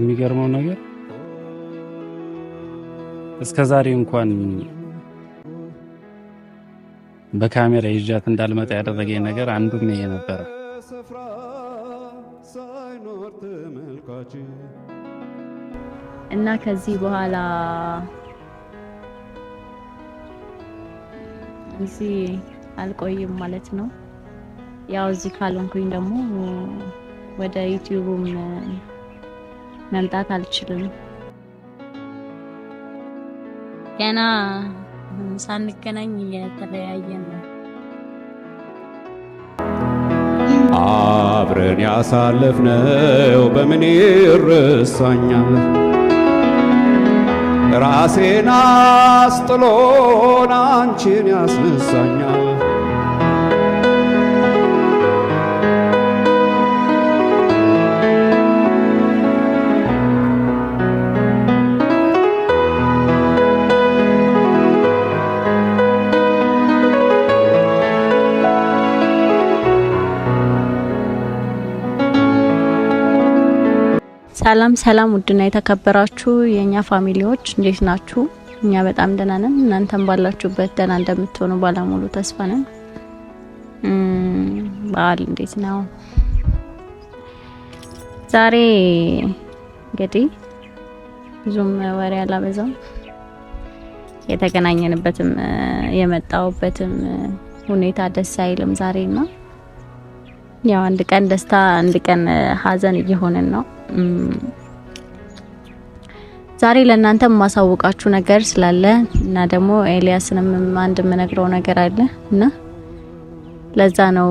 የሚገርመው ነገር እስከ ዛሬ እንኳን በካሜራ ይዣት እንዳልመጣ ያደረገኝ ነገር አንዱ ይሄ ነበረ። እና ከዚህ በኋላ እዚህ አልቆይም ማለት ነው። ያው እዚህ ካልሆንኩኝ ደግሞ ወደ ዩቲዩብም መምጣት አልችልም። ገና ሳንገናኝ እየተለያየ ነው። አብረን ያሳለፍነው በምን ይረሳኛል? ራሴን አስጥሎን አንቺን ያስነሳኛል። ሰላም ሰላም፣ ውድና የተከበራችሁ የእኛ ፋሚሊዎች እንዴት ናችሁ? እኛ በጣም ደህና ነን። እናንተም ባላችሁበት ደህና እንደምትሆኑ ባለሙሉ ተስፋ ነን። በዓል እንዴት ነው? ዛሬ እንግዲህ ብዙም ወሬ አላበዛም። የተገናኘንበትም የመጣውበትም ሁኔታ ደስ አይልም ነው። ያው አንድ ቀን ደስታ አንድ ቀን ሀዘን እየሆንን ነው ዛሬ ለእናንተ የማሳውቃችሁ ነገር ስላለ እና ደግሞ ኤልያስንም አንድ የምነግረው ነገር አለ እና ለዛ ነው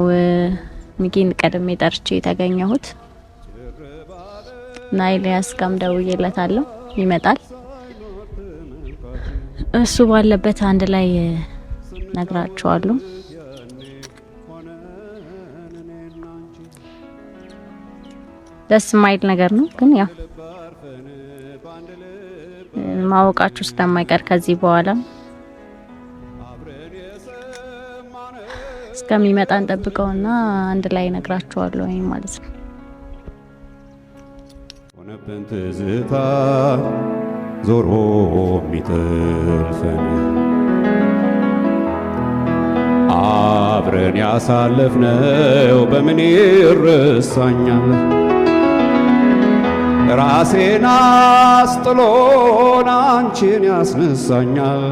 ሚጊን ቀድሜ ጠርቼ የተገኘሁት እና ኤልያስ ጋም ደውዬለታለሁ። ይመጣል። እሱ ባለበት አንድ ላይ ነግራችኋለሁ። ደስ የማይል ነገር ነው። ግን ያው ማወቃችሁ ስለማይቀር ከዚህ በኋላ እስከሚመጣ እንጠብቀውና አንድ ላይ ነግራችኋለሁ ማለት ነው። ሆነብን ትዝታ ዞሮ የሚጥልፈን አብረን ያሳለፍነው በምን ይረሳኛል? ራሴን አስጥሎን አንቺን ያስነሳኛል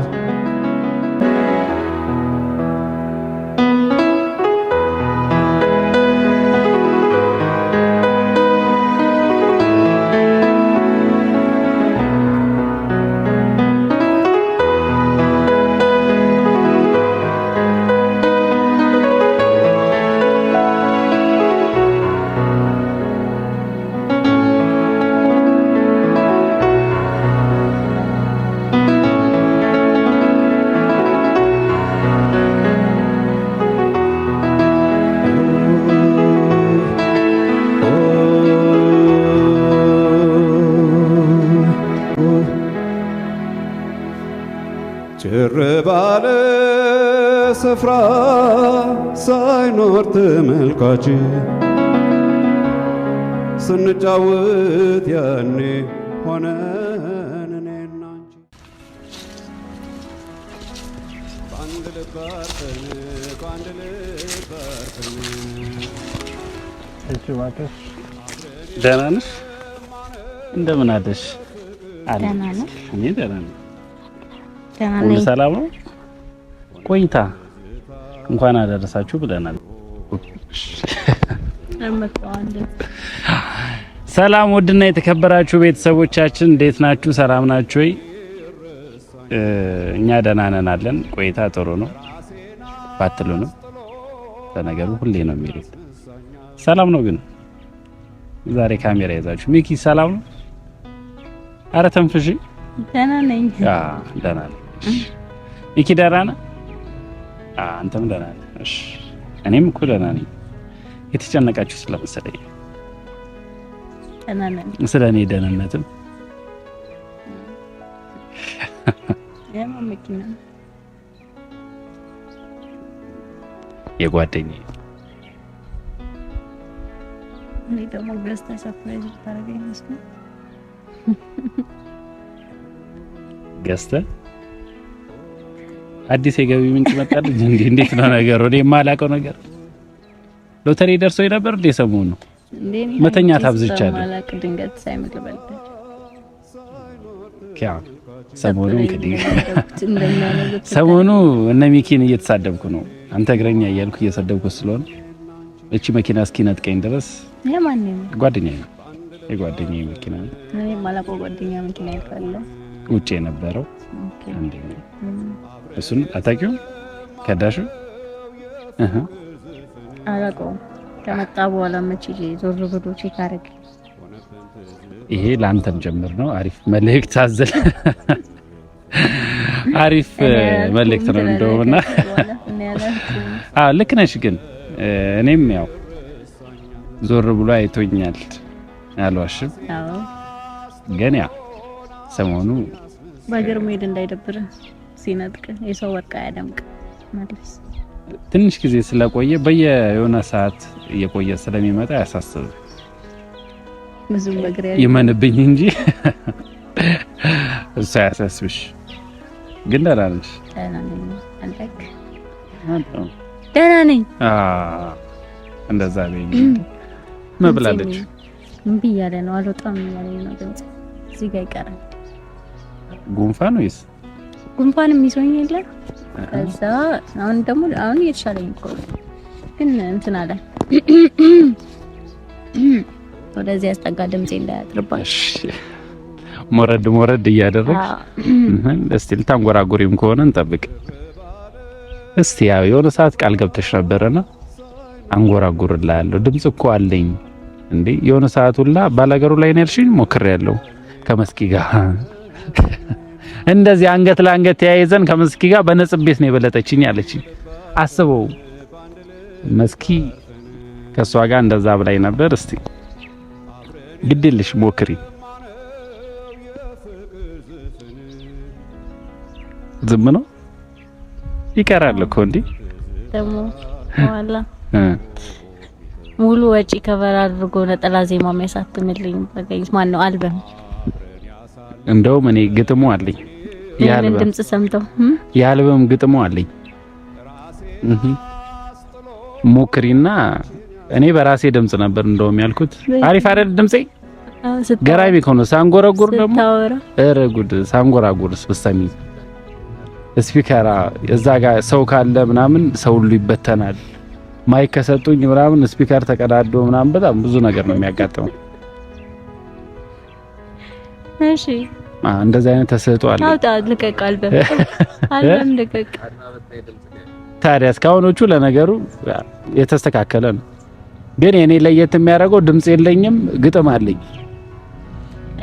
ቅር ባለ ስፍራ ሳይኖር ተመልካች ስንጫወት ያኔ ሆነን ደህና ነሽ? እንደምን አደሽ? እኔ ደህና ነኝ። ሰላም ነው። ቆይታ እንኳን አደረሳችሁ ብለናል። ሰላም ውድና የተከበራችሁ ቤተሰቦቻችን እንዴት ናችሁ? ሰላም ናችሁ ወይ? እኛ ደህና ነን አለን። ቆይታ ጥሩ ነው ባትሉ ነው። ለነገሩ ሁሌ ነው የሚሉት። ሰላም ነው ግን ዛሬ ካሜራ ይዛችሁ ሚኪ ሰላም ነው? አረ ተንፍሽ። ደህና ነኝ። ደህና ነኝ። ይኪ ደህና ነህ? አንተም ደህና ነህ? እሺ፣ እኔም እኮ ደህና ነኝ። የተጨነቃችሁ ስለመሰለኝ ስለ እኔ ደህንነትም የጓደኛዬ ገዝተህ አዲስ የገቢ ምንጭ መጣልኝ። እንዴ እንዴት ነው ነገር? ወዴ የማላውቀው ነገር ሎተሪ ደርሶ ነበር እንዴ ሰሞኑ ነው መተኛ ታብዝቻለሁ። ሰሞኑ እንግዲህ ሰሞኑ እነ ሚኪን እየተሳደብኩ ነው። አንተ እግረኛ እያልኩ እየሰደብኩ ስለሆነ እቺ መኪና እስኪ ነጥቀኝ ድረስ ጓደኛዬ ነው የጓደኛዬ መኪና ነው። እኔ መኪና ውጭ የነበረው አንደኛ እሱን አታውቂውም? ከዳሹ አላውቀውም። ከመጣ በኋላ መቼ ዞር ብሎ ቼክ አደረገ። ይሄ ለአንተም ጭምር ነው። አሪፍ መልእክት አዘል አሪፍ መልእክት ነው እንደውና አዎ ልክ ነሽ። ግን እኔም ያው ዞር ብሎ አይቶኛል አልዋሽም። ግን ያው ሰሞኑ በአገር መሄድ እንዳይደብር ሲነጥቅ የሰው ወርቅ ያደምቅ መለስ ትንሽ ጊዜ ስለቆየ በየሆነ ሰዓት እየቆየ ስለሚመጣ ያሳስብ ብዙም በግሬ ይመንብኝ እንጂ እሱ ያሳስብሽ። ግን ደህና ነሽ? ደህና ነኝ። እንደዛ በይኝ። መብላለች እምቢ እያለ ነው። አልወጣም እያለ ነው። እዚህ ጋር ይቀራል ጉንፋን ወይስ ጉንፋን ይዞኝ የለ እዛ አሁን ደግሞ አሁን እየተሻለኝ እኮ ግን እንትን አለ ወደዚህ ያስጠጋ ድምጽ እንዳያጥርባሽ ሞረድ ሞረድ እያደረግሽ እስቲ ልታንጎራጉሪም ከሆነ እንጠብቅ እስቲ ያው የሆነ ሰዓት ቃል ገብተሽ ነበረና አንጎራጉርላለሁ ድምጽ እኮ አለኝ እንዴ የሆነ ሰዓት ሁላ ባላገሩ ላይ ነው ያልሽኝ ሞክሬያለሁ ከመስኪ ጋር እንደዚህ አንገት ለአንገት ተያይዘን ከመስኪ ጋር በነጽብ ቤት ነው የበለጠችኝ ያለችኝ። አስበው መስኪ ከእሷ ጋር እንደዛ ብላኝ ነበር። እስቲ ግድልሽ ሞክሪ ዝም ነው ይቀራል እኮ እንዴ ደግሞ ዋላ ሙሉ ወጪ ከበር አድርጎ ነጠላ ዜማ የሚያሳትምልኝ ማን ነው አልበም እንደውም እኔ ግጥሙ አለኝ ያልበም ድምጽ ሰምተው ያልበም ግጥሙ አለኝ ሞክሪና እኔ በራሴ ድምጽ ነበር እንደውም ያልኩት። አሪፍ አይደል ድምጼ? ገራሚ ከሆነ ሳንጎራጉር ደግሞ እረ ጉድ ሳንጎራጉርስ ብትሰሚ ስፒከራ እዛ ጋር ሰው ካለ ምናምን ሰው ሁሉ ይበተናል። ማይክ ከሰጡኝ ምናምን ስፒከር ተቀዳዶ ምናምን በጣም ብዙ ነገር ነው የሚያጋጥመው። እሺ እንደዚህ አይነት ተሰጥቶ አለ። አውጣ ልቀቅ፣ አልበም አልበም ልቀቅ። ታዲያ እስካሁኖቹ ለነገሩ የተስተካከለ ነው፣ ግን የኔ ለየት የሚያደርገው ድምጽ የለኝም፣ ግጥም አለኝ።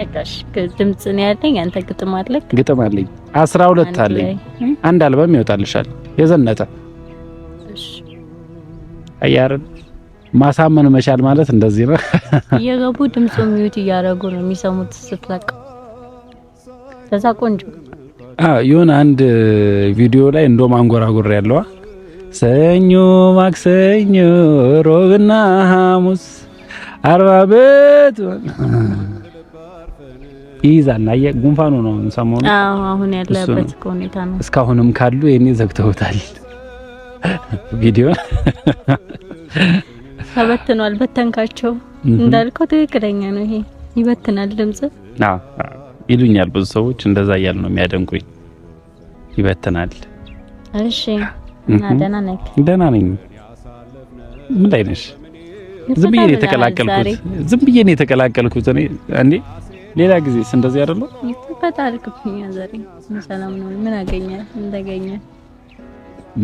እቃሽ ድምጽ ነው ያለኝ፣ አንተ ግጥም አለክ? ግጥም አለኝ፣ አስራ ሁለት አለኝ። አንድ አልበም ይወጣልሻል። የዘነጠ እሺ አያርን ማሳመን መቻል ማለት እንደዚህ ነው። እየገቡ ድምጹ ሚዩት እያደረጉ ነው የሚሰሙት ስትለቀው ከዛ ቆንጆ የሆነ አንድ ቪዲዮ ላይ እንደ ማንጎራጉር ያለዋ ሰኞ፣ ማክሰኞ፣ ሮብና ሐሙስ አርባ ቤት ይይዛል። አየ ጉንፋኑ ነው ሰሞኑ። አዎ አሁን ያለበት ሁኔታ ነው። እስካሁንም ካሉ የኔ ዘግተውታል ቪዲዮ ተበትኗል። በተንካቸው እንዳልከው ትክክለኛ ነው። ይሄ ይበትናል ድምጽ ይሉኛል ብዙ ሰዎች እንደዛ እያሉ ነው የሚያደንቁኝ። ይበትናል። እሺ እና ደህና ነኝ? ደህና ነኝ። ምን ላይ ነሽ? ዝም ብዬ ነው የተቀላቀልኩት። ዝም ብዬ ነው የተቀላቀልኩት። እኔ እንዴ ሌላ ጊዜ እንደዚህ አይደለ? ፈታልኩኝ። ዛሬ ሰላም ነው። ምን አገኘ? ምን ተገኘ?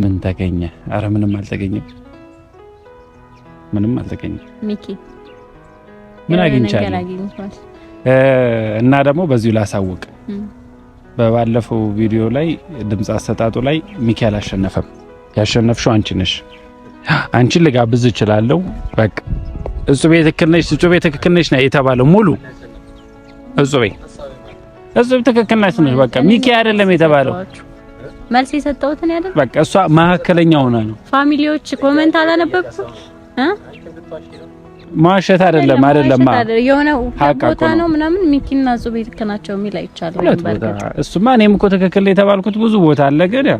ምን ተገኘ? አረ ምንም አልተገኘም። ምንም አልተገኘም። ሚኪ ምን አግኝቻለሁ? እና ደግሞ በዚሁ ላሳውቅ በባለፈው ቪዲዮ ላይ ድምፅ አሰጣጡ ላይ ሚካኤል አሸነፈም። ያሸነፍሽው አንቺ ነሽ። አንቺን ልጋብዝ እችላለሁ። በቃ እጹቤ ትክክል ነሽ፣ እጹቤ ትክክል ነሽ ነው የተባለው። ሙሉ እጹቤ እጹቤ ትክክል ነሽ ነው። በቃ ሚኪ አይደለም የተባለው። መልስ የሰጠሁት ነው አይደል? በቃ እሷ መካከለኛ ሆና ነው። ፋሚሊዎች ኮመንት አላነበብኩም እ ማሸት አይደለም አይደለም የሆነ ቦታ ነው ምናምን ሚኪና ጹቤ ልክ ናቸው የሚል አይቻልም። እሱማ እኔም እኮ ትክክል የተባልኩት ብዙ ቦታ አለ፣ ግን ያው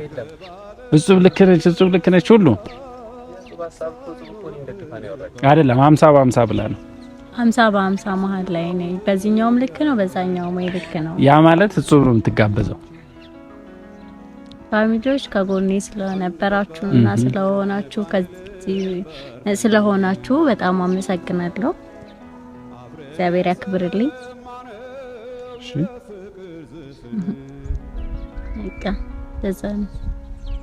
እጹብ ልክ ነች፣ እጹብ ልክ ነች ሁሉ አይደለም። ሀምሳ በሀምሳ ብላ ነው ሀምሳ በሀምሳ መሀል ላይ ነኝ። በዚህኛውም ልክ ነው፣ በዛኛውም ወይ ልክ ነው። ያ ማለት እጹብ ነው የምትጋበዘው። ፋሚሊዎች ከጎኔ ስለነበራችሁ እና ስለሆናችሁ እንደዚህ ስለሆናችሁ በጣም አመሰግናለሁ። እግዚአብሔር ያክብርልኝ። እሺ በቃ ለዛ ነው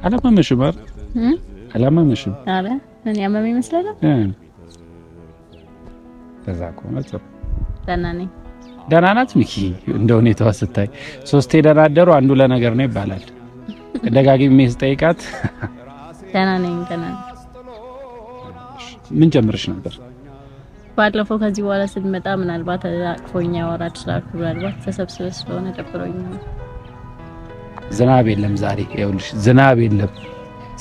አላመመሽም አይደል? አላመመሽም። ኧረ እኔ ያመመኝ ይመስላል። ከዛ ከሆነ ጥሩ ደህና ነኝ። ደህና ናት ሚኪ፣ እንደ ሁኔታዋ ስታይ ሶስቴ ደህና አደሩ አንዱ ለነገር ነው ይባላል። ደጋግሜ ስጠይቃት ደህና ነኝ ደህና ምን ጀምርሽ ነበር? ባለፈው ከዚህ በኋላ ስትመጣ ምናልባት አቅፎኛ ወራ ትራክ ምናልባት ተሰብስበ ስለሆነ ደብሮኝ ነው። ዝናብ የለም ዛሬ ይኸውልሽ፣ ዝናብ የለም።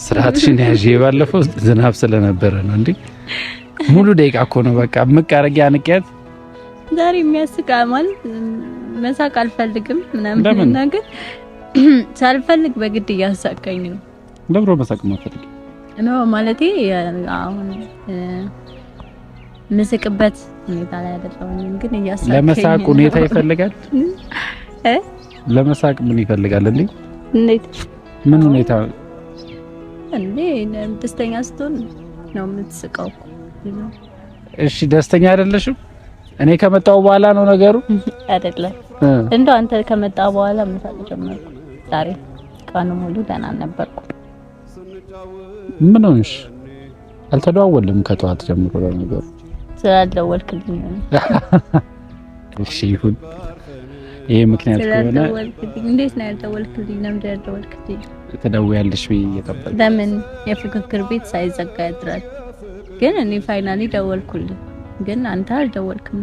ስርዓትሽን ያዥ። ባለፈው ዝናብ ስለነበረ ነው እንዴ። ሙሉ ደቂቃ እኮ ነው በቃ ምቃረጊያ አንቂያት። ዛሬ የሚያስቃ ማለት መሳቅ አልፈልግም ምናምን ነገር ሳልፈልግ በግድ እያሳቀኝ ነው። ለብሮ መሳቅ ማፈልግ ነው ማለቴ አሁን ምስቅበት ሁኔታ ላይ አይደለም፣ ግን እያሳቀኝ ለመሳቅ ሁኔታ ይፈልጋል እ ለመሳቅ ምን ይፈልጋል እንዴ? እንዴት ምን ሁኔታ እንዴ? ደስተኛ ስትሆን ነው የምትስቀው። እሺ ደስተኛ አይደለሽም? እኔ ከመጣው በኋላ ነው ነገሩ አይደለም። እንደው አንተ ከመጣ በኋላ መሳቅ ጀመርኩ። ዛሬ ቀኑ ሙሉ ደህና ነበርኩ። ምን ሆንሽ? አልተደዋወልም ከጠዋት ጀምሮ ለነገሩ ስላልደወልክልኝ ነው። እሺ ይሁን። ይሄ ምክንያት ከሆነ እንዴት ነው ያልደወልክልኝ? ለምን ያልደወልክልኝ? ትደውያለሽ ብዬ እየጠበቅኩ ለምን የፉክክር ቤት ሳይዘጋ ያድራል። ግን እኔ ፋይናሊ ደወልኩልኝ፣ ግን አንተ አልደወልክም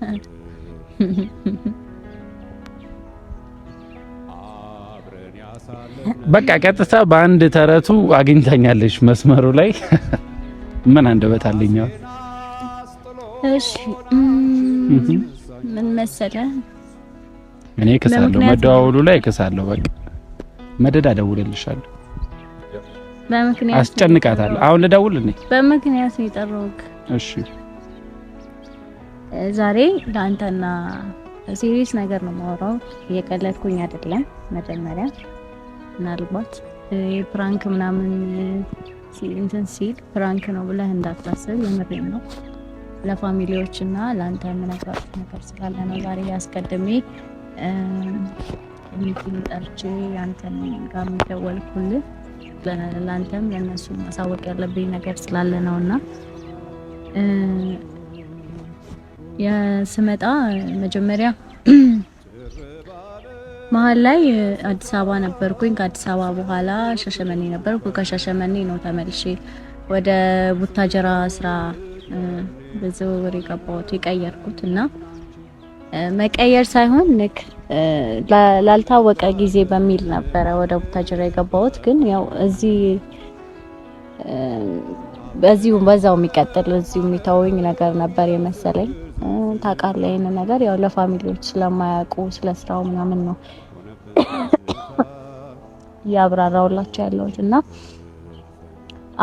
ነበር። በቃ ቀጥታ በአንድ ተረቱ አግኝታኛለች። መስመሩ ላይ ምን አንደበት አለኝ። እሺ ምን መሰለ፣ እኔ እክሳለሁ፣ መደዋወሉ ላይ እክሳለሁ። በቃ መደድ እደውልልሻለሁ። በምክንያት አስጨንቃታለሁ። አሁን ልደውል እኔ በምክንያት ነው የጠራሁት። እሺ ዛሬ ለአንተና ሲሪየስ ነገር ነው የማወራው። እየቀለድኩኝ አይደለም መጀመሪያ ምናልባት ፕራንክ ምናምን እንትን ሲል ፕራንክ ነው ብለህ እንዳታስብ፣ የምሬም ነው። ለፋሚሊዎች እና ለአንተ የምነግራት ነገር ስላለ ነው ዛሬ አስቀድሜ ሚቲንግ ጠርቼ አንተን ጋር የሚደወልኩልህ ለአንተም ለእነሱ ማሳወቅ ያለብኝ ነገር ስላለ ነው እና የስመጣ መጀመሪያ መሀል ላይ አዲስ አበባ ነበርኩኝ። ከአዲስ አበባ በኋላ ሻሸመኔ ነበርኩ። ከሻሸመኔ ነው ተመልሼ ወደ ቡታጀራ ስራ በዝውውር የገባሁት የቀየርኩት እና መቀየር ሳይሆን ንክ ላልታወቀ ጊዜ በሚል ነበረ ወደ ቡታጀራ የገባሁት። ግን ያው እዚህ በዚሁ በዛው የሚቀጥል እዚሁ የሚተወኝ ነገር ነበር የመሰለኝ ታውቃለህ። ይህን ነገር ያው ለፋሚሊዎች ስለማያውቁ ስለ ስራው ምናምን ነው እያብራራውላቸው ያለሁት እና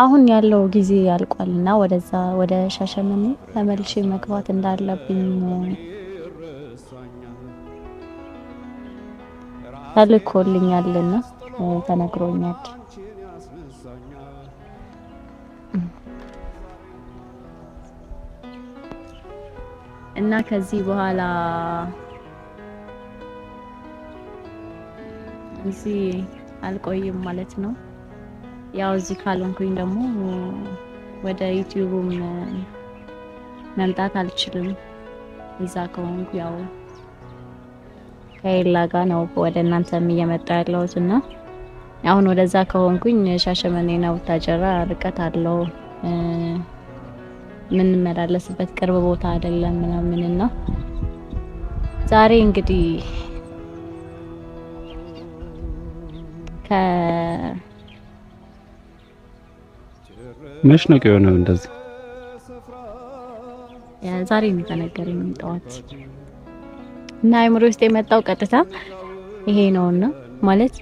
አሁን ያለው ጊዜ ያልቋልና ወደዛ ወደ ሻሸመኔ ተመልሼ መግባት እንዳለብኝ ተልኮልኛልና ተነግሮኛል። እና ከዚህ በኋላ እዚህ አልቆይም ማለት ነው። ያው እዚህ ካልሆንኩኝ ደግሞ ወደ ዩቲዩብም መምጣት አልችልም። እዛ ከሆንኩ ያው ከሌላ ጋ ነው ወደ እናንተም እየመጣ ያለሁት እና አሁን ወደዛ ከሆንኩኝ ሻሸመኔና ቡታጀራ ርቀት አለው። የምንመላለስበት ቅርብ ቦታ አይደለም እና ዛሬ እንግዲህ ነው የሆነው እንደዚህ ዛሬ ነው የተነገረኝ ጠዋት እና አይምሮ ውስጥ የመጣው ቀጥታ ይሄ ነውና ማለት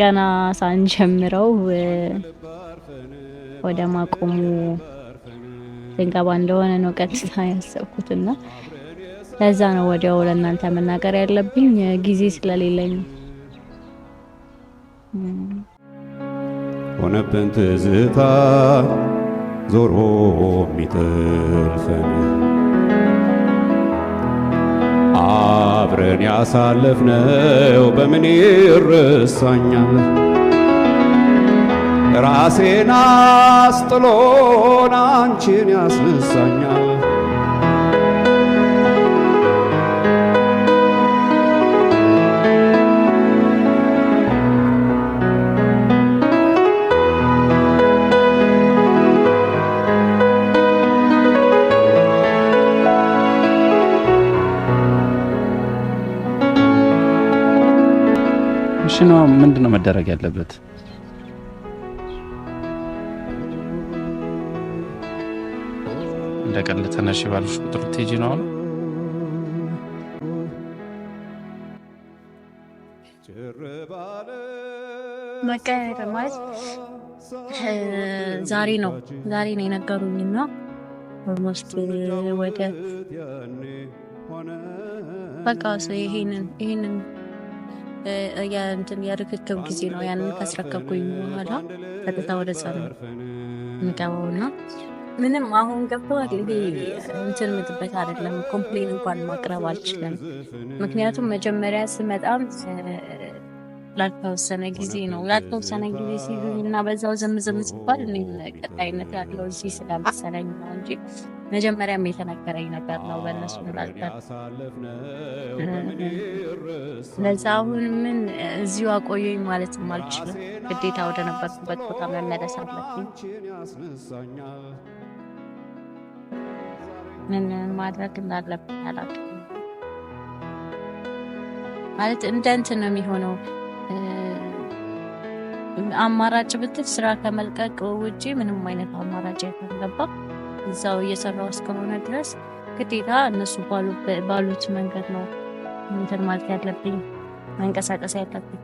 ገና ሳንጀምረው ወደ ማቆሙ ዘንጋባ እንደሆነ ነው ቀጥታ ያሰብኩትና ለዛ ነው ወዲያው ለእናንተ መናገር ያለብኝ ጊዜ ስለሌለኝ ሆነብን ትዝታ ዞሮ የሚጥልፈን አብረን ያሳለፍነው በምን ይረሳኛል? ራሴን አስጥሎን አንቺን ያስነሳኛል። ሽኖ ምንድን ነው መደረግ ያለበት? እንደ ቀልድ ተነሽ ባሉሽ ቁጥር ልትሄጂ ነው አሁን? መቀየር ማለት ዛሬ ነው ዛሬ ነው የነገሩኝና ኦልሞስት ወደ በቃ ይሄንን ይሄንን የርክክብ ጊዜ ነው። ያንን ካስረከብኩኝ በኋላ ቀጥታ ወደዛ ነው የሚገባውና ምንም አሁን ገብተዋል። ይሄ እንትን ምትበት አይደለም። ኮምፕሌን እንኳን ማቅረብ አልችልም። ምክንያቱም መጀመሪያ ስመጣም ላልተወሰነ ጊዜ ነው ላልተወሰነ ጊዜ ሲሉ እና በዛው ዘምዘም ሲባል እኔም ቀጣይነት ያለው እዚህ ስላልመሰለኝ ነው እንጂ መጀመሪያም የተነገረኝ ነገር ነው በእነሱ ላልተር። ለዛ አሁን ምን እዚሁ አቆየኝ ማለትም አልችልም። ግዴታ ወደ ነበርኩበት ቦታ መመለስ አለብኝ። ምን ማድረግ እንዳለብን አላውቅም። ማለት እንደ እንትን ነው የሚሆነው። አማራጭ ብትል ስራ ከመልቀቅ ውጪ ምንም አይነት አማራጭ የተገባ እዛው እየሰራው እስከሆነ ድረስ ግዴታ እነሱ ባሉት መንገድ ነው እንትን ማለት ያለብኝ መንቀሳቀስ ያለብኝ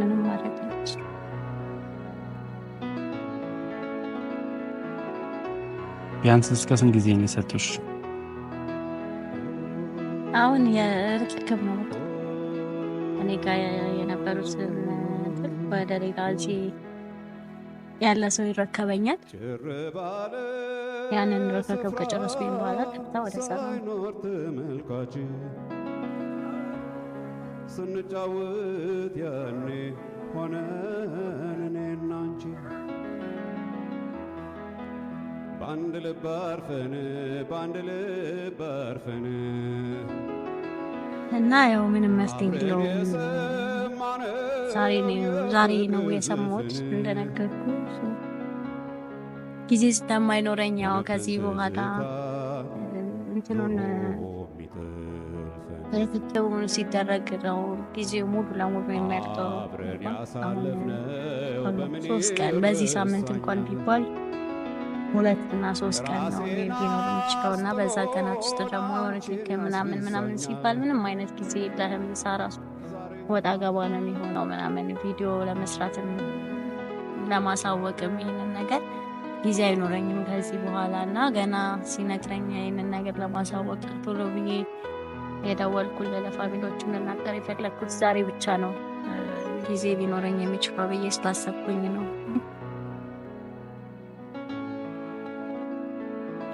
ምንም ማድረግ ቢያንስ እስከ ስንት ጊዜ ነው የሰጡሽ? አሁን የርክክብ ነው። እኔ ጋ የነበሩት ወደ ሌላ እዚህ ያለ ሰው ይረከበኛል። ያንን ረከከብ ከጨረስኩኝ በኋላ ቀጥታ ወደ ሰራ ስንጫወት ያኔ ሆነን እኔና አንቺ በአንድ ልብ አርፈን በአንድ ልብ አርፈን እና ያው ምንም መፍትሄ የለውም። ዛሬ ነው የሰማሁት እንደነገርኩ ጊዜ ስለማይኖረኝ ያው ከዚህ በኋላ እንትኑን ትው ሲደረግ ነው ጊዜው ሙሉ ለሙሉ የሚያልቀው። ሶስት ቀን በዚህ ሳምንት እንኳን ቢባል ሁለት እና ሶስት ቀን ነው ሊኖር የሚችለው እና በዛ ቀናት ውስጥ ደግሞ ሪክክ ምናምን ምናምን ሲባል ምንም አይነት ጊዜ የለህም። ምሳ ራሱ ወጣ ገባ ነው የሚሆነው ምናምን ቪዲዮ ለመስራትም ለማሳወቅም ይህንን ነገር ጊዜ አይኖረኝም ከዚህ በኋላ እና ገና ሲነግረኝ ይህንን ነገር ለማሳወቅ ቶሎ ብዬ የደወልኩልህ ለፋሚሊዎቹ ልናገር የፈለግኩት ዛሬ ብቻ ነው ጊዜ ቢኖረኝ የሚችለው ብዬ ስላሰብኩኝ ነው።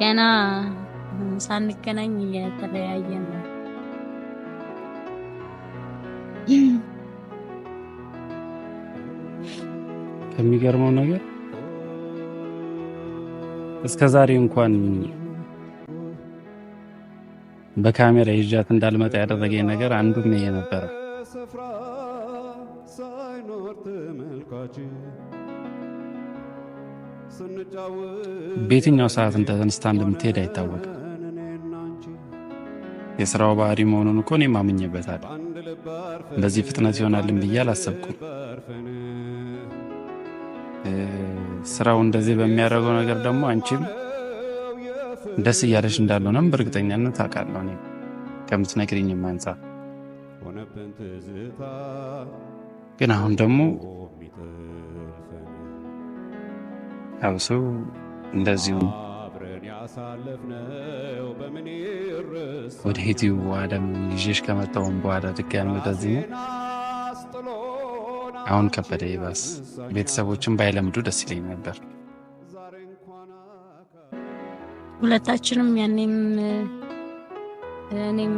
ገና ሳንገናኝ እየተለያየ ነው። ከሚገርመው ነገር እስከ ዛሬ እንኳን በካሜራ ይዣት እንዳልመጣ ያደረገኝ ነገር አንዱም ይሄ ነበረ። በየትኛው ሰዓት እንደተነስታ እንደምትሄድ አይታወቅም። የሥራው ባህሪ መሆኑን እኮ እኔም አምኜበታለሁ። በዚህ ፍጥነት ይሆናልን ብዬ አላሰብኩም። ስራው እንደዚህ በሚያደርገው ነገር ደግሞ አንቺም ደስ እያለሽ እንዳልሆነም በእርግጠኛነት አውቃለሁ። እኔ ከምትነግሪኝም አንጻ ግን አሁን ደግሞ ያው ሰው እንደዚሁ ወደ ሄቲው አደም ይዤሽ ከመጣውን በኋላ ድጋሚ ወደዚህ አሁን ከበደ ይባስ ቤተሰቦችን ባይለምዱ ደስ ይለኝ ነበር። ሁለታችንም ያኔም እኔም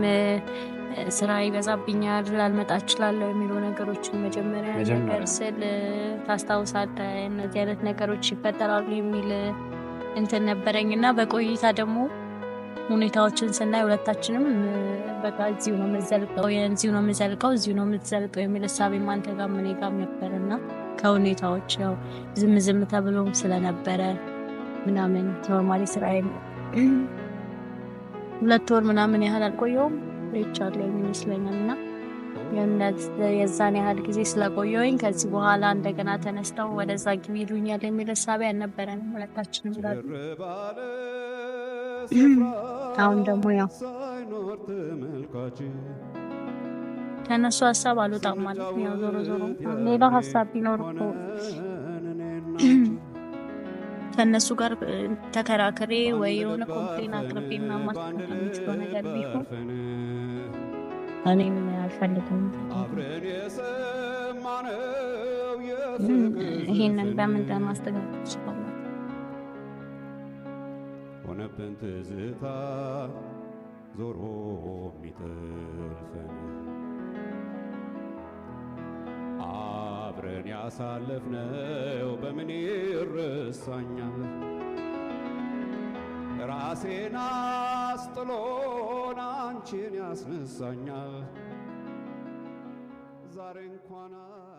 ስራ ይበዛብኛል፣ ላልመጣ እችላለሁ የሚሉ ነገሮችን መጀመሪያ ነገር ስል ታስታውሳለህ፣ እነዚህ አይነት ነገሮች ይፈጠራሉ የሚል እንትን ነበረኝ እና በቆይታ ደግሞ ሁኔታዎችን ስናይ ሁለታችንም በቃ እዚሁ ነው የምትዘልቀው፣ እዚሁ ነው የምትዘልቀው፣ እዚሁ ነው የምትዘልቀው የሚል እሳቤ አንተ ጋርም እኔ ጋርም ነበር እና ከሁኔታዎች ያው ዝም ዝም ተብሎም ስለነበረ ምናምን ኖርማሊ ስራ ሁለት ወር ምናምን ያህል አልቆየውም። ቆይቻለሁ የሚመስለኛል እና የእምነት የዛን ያህል ጊዜ ስለቆየኝ ከዚህ በኋላ እንደገና ተነስተው ወደዛ ግቢ ይሉኛል የሚል እሳቤ አልነበረንም ሁለታችንም ጋር። አሁን ደግሞ ያው ከእነሱ ሀሳብ አልወጣም ማለት ያው ዞሮ ዞሮ ሌላው ሀሳብ ቢኖር ከእነሱ ጋር ተከራክሬ ወይ የሆነ ኮምፕሌን አቅርቤ ምናምን ማስተካከል የሚችለው ነገር ቢሆን እኔም አልፈልግም። ይሄንን በምን ማስተካከል ይችላል? ሆነብን ትዝታ ዞሮ የሚጥልፈን አብረን ያሳለፍነው በምን ይረሳኛል? ራሴን አስጥሎን አንቺን ያስነሳኛል ዛሬ እንኳን